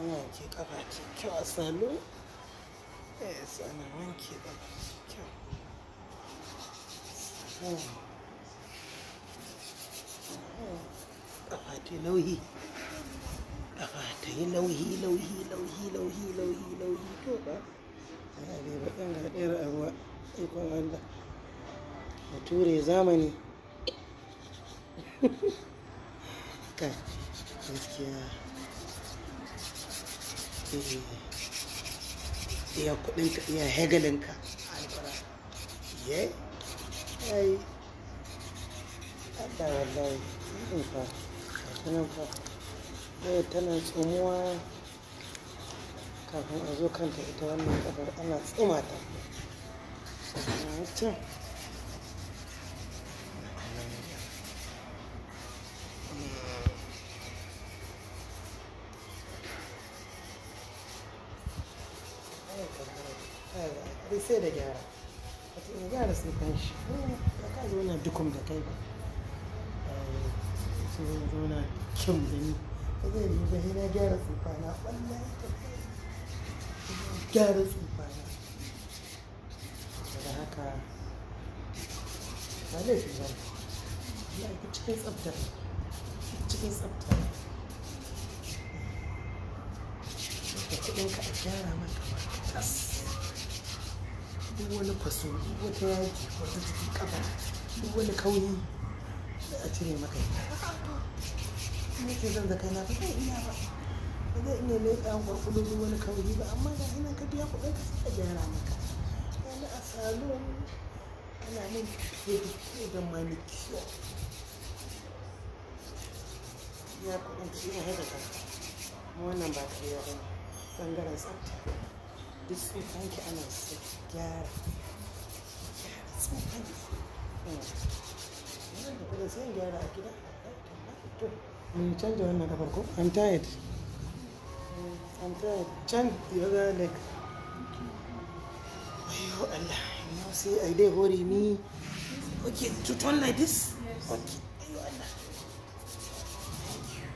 an wanke ƙafa ce kyau a salo eh, zamani iya kudinka iya hegelinka ye ai Allah wallahi in fa sanan fa eh tana tsumuwa kafin a zo kanta ita wannan kafar ana tsuma ta da gyara a cikin gyara sai kan shi ba ka zauna dukum da kai ba eh, sai zan zauna kyau da ni ba zai yi ba na gyara tsufana wallahi ta gyara tsufana da haka ba zai ba ya fi cikin tsafta cikin tsafta da kuɗinka a gyara maka tas duk wani kwaso duk wata yaji wata jikin kafa duk wani kauyi a cire maka ita ne ke zan zaka na ba zai iya ba ba zai iya mai ɗan kwarkudu duk wani kauyi ba amma ga ina ka biya kuɗin ka sai a gyara maka yana a salon ana min ke da manikiyar ya kuɗin cikin haɗa ka wannan ba kariya ba ne ɓangaren tsafta بسم الله انا وصلت يا بسم الله sai gyara a gida mai canja wannan kafar ko i'm tired i'm tired can the other leg ayo allah now say i dey worry me okay to turn like this yes. okay ayo allah thank you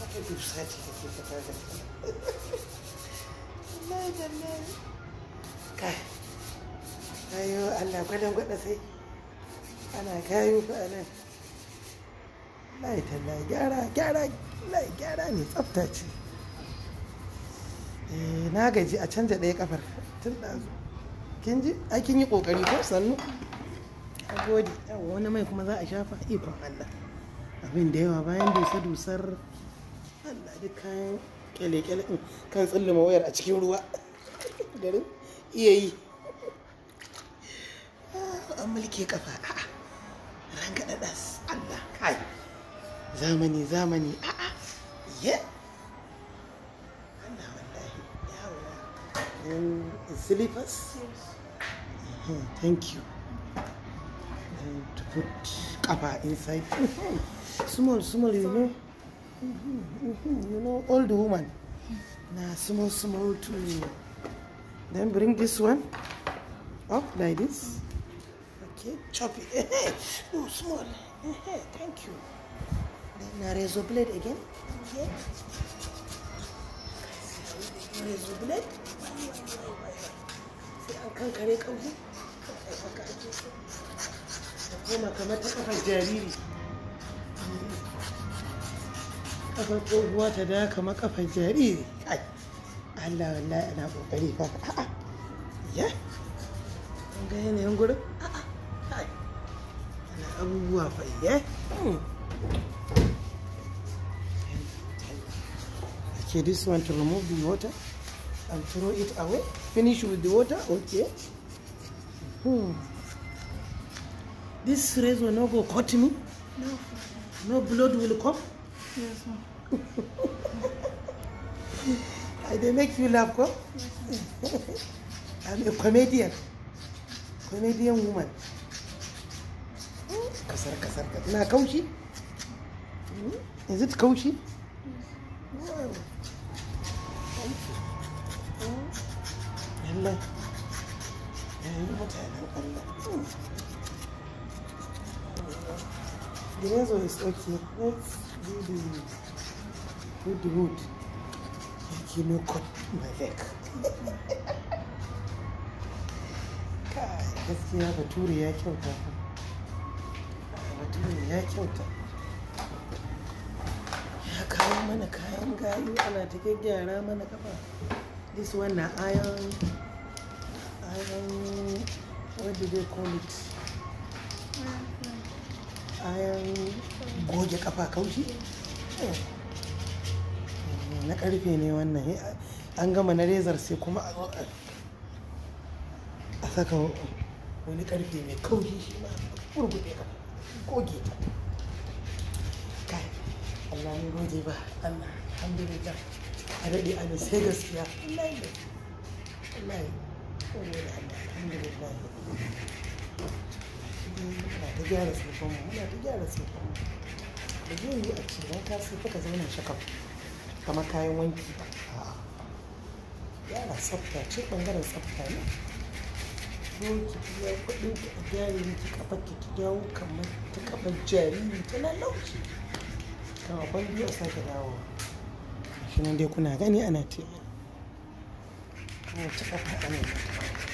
haka dusati da ke fata da kai ayo allah gwadon gwada sai ana kayo fa a nan lai talla gyara gyara lai gyara ne tsafta ce eh, na gaji a canja ɗaya kafar tun ɗazu kin ji ai kin yi ƙoƙari ko sannu a gode wani mai kuma za a shafa ikon allah abin da yawa bayan dusa dusar allah duk kayan kyale-kyale kan tsillima wayar a cikin ruwa garin iya yi ah, an mulke kafa a'a rangada das Allah kai zamani zamani a a'a ye Allah wallahi yawa slippers mhm, thank you to put kafa inside small small you know Mm-hmm, mm-hmm, you know, old woman. Nah, small, small too. Then bring this one up like this. Okay, chop it. no, small. Thank you. Then a razor blade again. Okay. Razor blade. a farko ruwa ta daka makafan jariri kai Allah wallah ina kokari fa a a ya kun ga yanayin gurin a a kai ana abubuwa fa ya hmm. Okay, this one to remove the water and throw it away. Finish with the water, okay. Hmm. This razor will not go cut me. No. No blood will come. Yes, I they make you laugh, go? Yes, I'm a comedian. Comedian woman. Kasar, kasar, kasar. Na kaushi? Hmm? Is it kaushi? Yes. Wow. Thank you. Allah. mutanen Allah. Gidan zo is Allah. Let's do the do the wood you know cut my leg gaskiya ya kyauta bature ya kyauta ya kawo mana kayan gayu ana mana kafa this one na iron iron what do they call it kayan goge kafa kaushi eh, na karfe ne wannan an gama na rezar sai kuma a saka wani karfe mai kaushi shi ma gurgube ka goge ta kai Allah ne goge ba Allah alhamdulillah a daɗe a sai gaskiya Allah ne Allah ne Allah alhamdulillah muna ta gyara tsofanmu muna da gyara tsofanmu da zai yi a cikin don ka sai ka zauna shakaf kamar kayan wanki ba gyara tsafta ce bangaren tsafta ne doki ki biya a gyara ki kafa ki ki dawo kamar ta kafa jariri ta lalauci kan akwai biyu a sake dawowa shi nan dai kuna gani ana ce ana ta kafa ana mata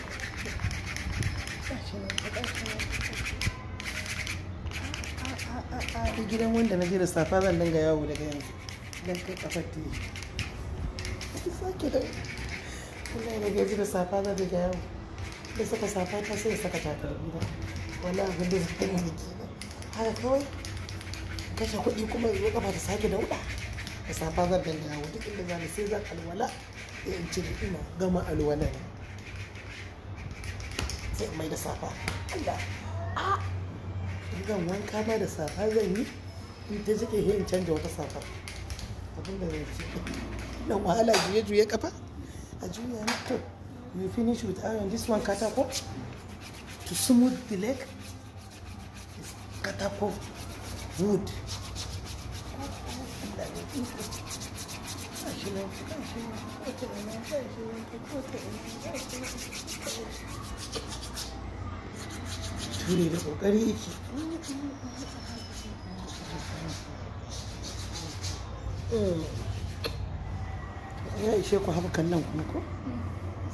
a gidan wanda na je da safa zan dinga yawo daga yanzu don kai kafar ta yi sake da kuma yana gaji da safa zan dinga yawo da saka safa ta sai saka takalmi ba wani abin da zai dinga jiki ba haka kawai kashe kuɗi kuma yanzu kafa ta sake dauɗa da safa zan dinga yawo duk inda za ni sai zan alwala da in ce ina gama alwala ne ce mai da safa Allah a zan wanka ma da safa zan yi in ta jike he in canja wata safa abin da zan ce na wahala juye juye kafa a juya na to you finish with iron this one katako to smooth the leg is katako wood Thank you. addini da kokari yake mm. ya ishe ku haɓukan nan kuma ko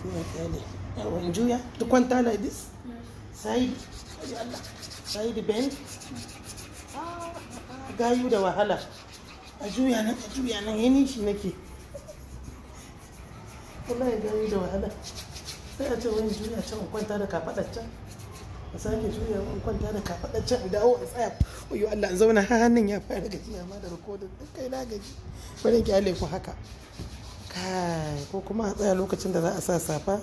sai ya tsale yawon juya duk kwanta like this side side bend gayu da wahala a juya nan a juya nan shi nake wallahi gayu da wahala sai a ce wani juya can kwanta da can a sake shirya in kwanta da kafaɗar can in dawo in tsaya uyu Allah in zauna hannun ya fara gajiya ma da rikodin duk kai na gaji bari ki ale ku haka kai ko kuma a tsaya lokacin da za a sa safa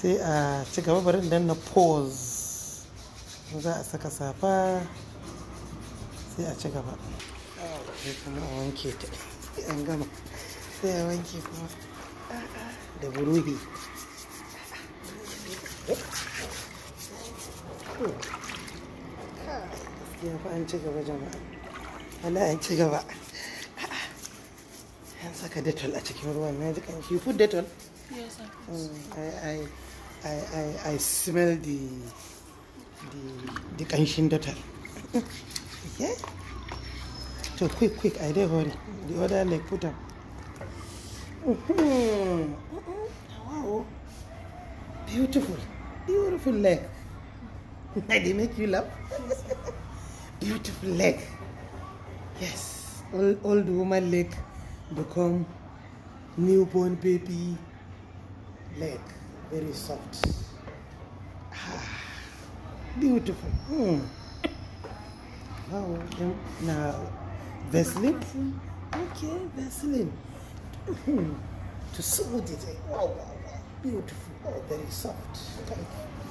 sai a ci gaba bari dan na pause za a saka safa sai a ci gaba sai kuma a wanke ta an gama sai a wanke kuma da buruhi gaskiya fa an ci gaba jama'a wala an ci gaba an saka detol a cikin ruwan na ji food detol i smell the the the kanshin detol yeah quick quick i dey hurry the other leg put beautiful beautiful leg they make you laugh. Beautiful leg. Yes, old, old woman leg become newborn baby leg. Very soft. Ah, beautiful. Hmm. Wow. Now, Vaseline. Okay, Vaseline. Hmm. to smooth it. Wow, wow, wow. Beautiful. Oh, very soft. Thank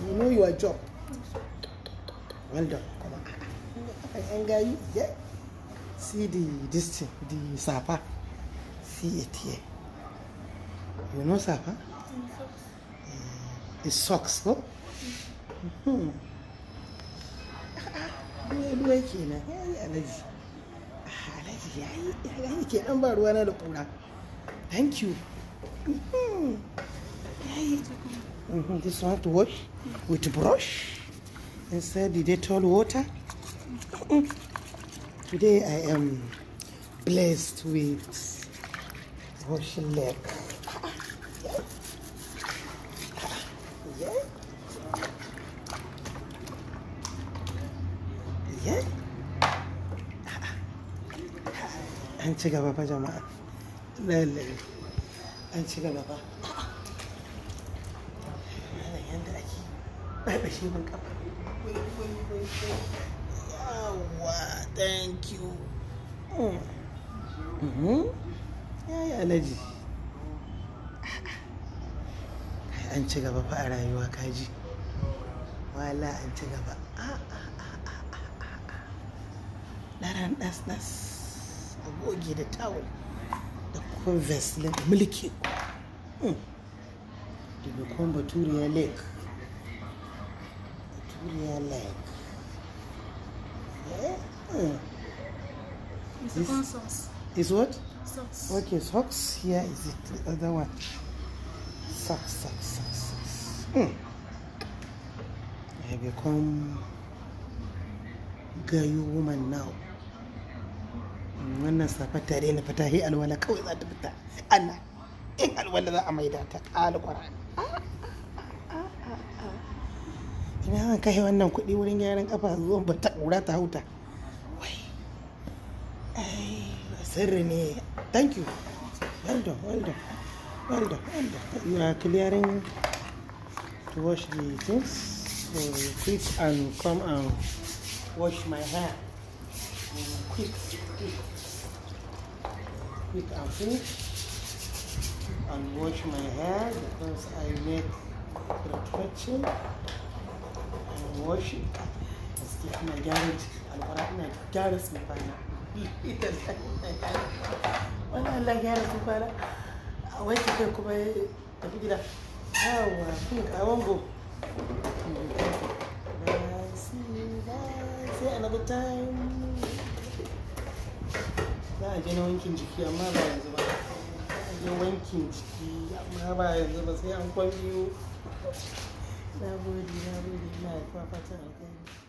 you. You know your job. wanda kuma akan yan gayu ya see the distance the safa see you know safa eh, it sucks ko hmm. ruwa kenan ya yi alaji alaji ya yi alaji ke dan ba ruwa na da kura thank you hmm. ya hmm, this one to wash with brush Instead, the Dettol water. Today I am blessed with washing leg. Yeah. Yeah. Yeah. An ci gaba fa jama'a. Lalle. An ci gaba fa. wait wait wait wait thank you hmm. mm-hmm. an ci gaba fa a rayuwa kaji wala an ci gaba daren ah, ah, ah, ɗas-ɗas a goge da tawul da kuma mulki hmm. da kuma baturiya lake Julia Yeah. It's this a sauce. Is what? Socks. Okay, socks. Here is it, the other one. Socks, socks, socks, socks. Mm. I become gayu woman now. wannan safa tare na fita he alwala kawai za ta fita ana in alwala za a maida ta alƙur'ani ah. ina an kai wannan kuɗi wurin gyaran kafa zuwan ba ta ƙura ta hauta wai ai sirri ne thank you well done well done well done well done you are clearing to wash the things so quick and come and wash my hair quick quick quick and finish and wash my hair because I make reflection washi gaskiya ina gyara alwara gyara Allah gyara a wanke kai kuma ya tafi gida yawa kun kawon go sai another time za a je na wankin jiki amma ba yanzu ba a je wankin jiki amma ba yanzu ba sai an kwan That would be, that would be mad for a fatal thing.